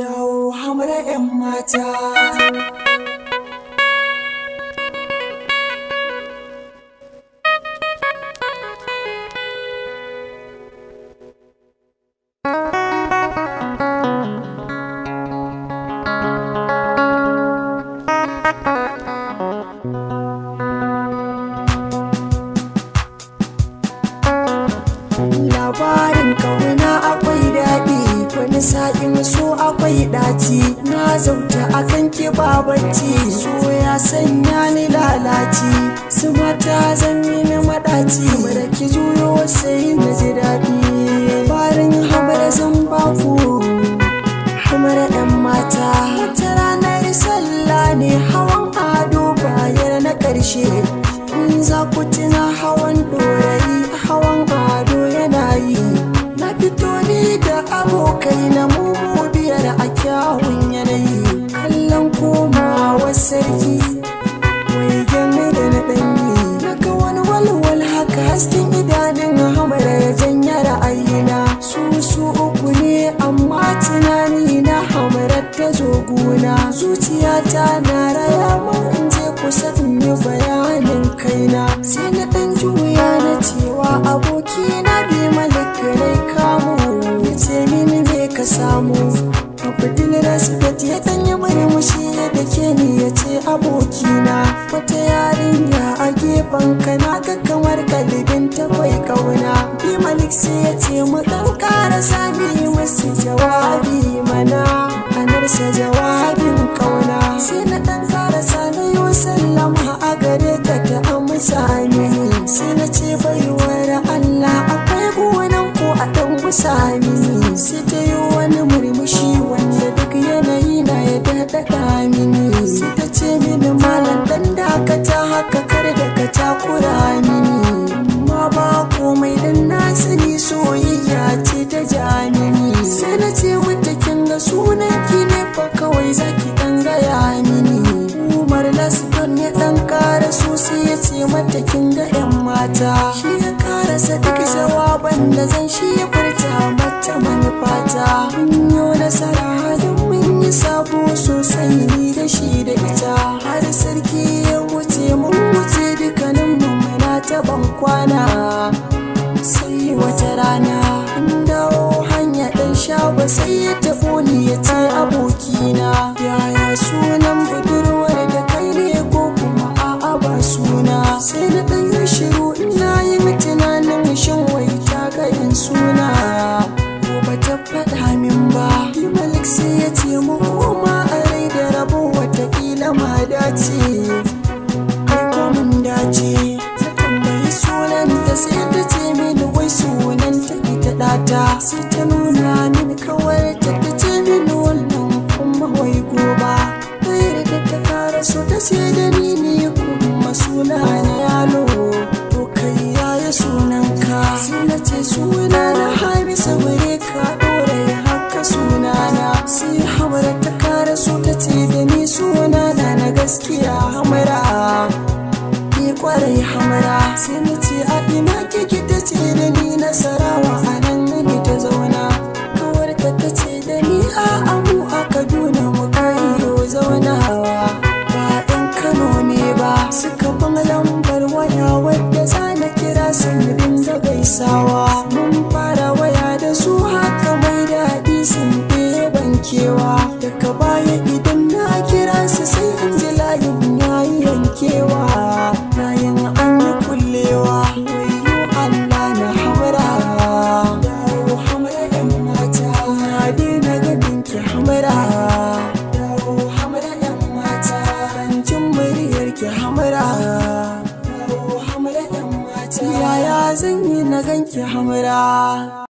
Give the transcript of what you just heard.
Yawo hamara 'yan mata. yi ɗaci na zauta akan ki babanci so ya sanya ni lalaci su mata zan yi na maɗaci da ki juyo sai na ji daɗi farin habar zan kuma da ɗan mata wata ranar sallah ne hawan ado bayan na ƙarshe in za ku tuna hawan ɗorayi hawan ado yana yi na fito ni da abokai na mugu. tunani na hamarar ta gona zuciyata na raya mun in je kusa in yi bayanin kaina sai na dan juya na cewa aboki na bi malakarai kamo ya ce mini ne ka samu abudin respect ya dan yi murmushi da ke ni ya ce abokina wata yarinya a gefen ka na ga kamar galibin ta kauna bi malik sai ya ce sami sai ta yi wani murmushi wanda duk yanayi na ya daɗaɗa mini sai ta ce mini malam dan ta haka kar da ka takura mini ma ba komai dan na sani soyayya ce ta mini. sai na ce wata kin ga sunan ki ne fa kawai zaki dan gaya mini umar laston ya dan kara su sai ya ce mata kin ga yan mata shi ya karasa duk jawaban da zan shi ya bata bata manufata hanyo nasara hadin mun yi sabo sosai ni da shi da ita har sarki ya wuce mun wuce duka mu muna ta ban kwana sai wata rana an dawo hanya dan shago sai ya tafi ni ya ce abokina yaya suna ce ta tambayi sunanta sai ta ce mini wai sunanta ita ɗata hamara Dawo hamara yan mata Rancin muryar ki hamara Dawo hamara yan mata Yaya zan yi na ganki hamara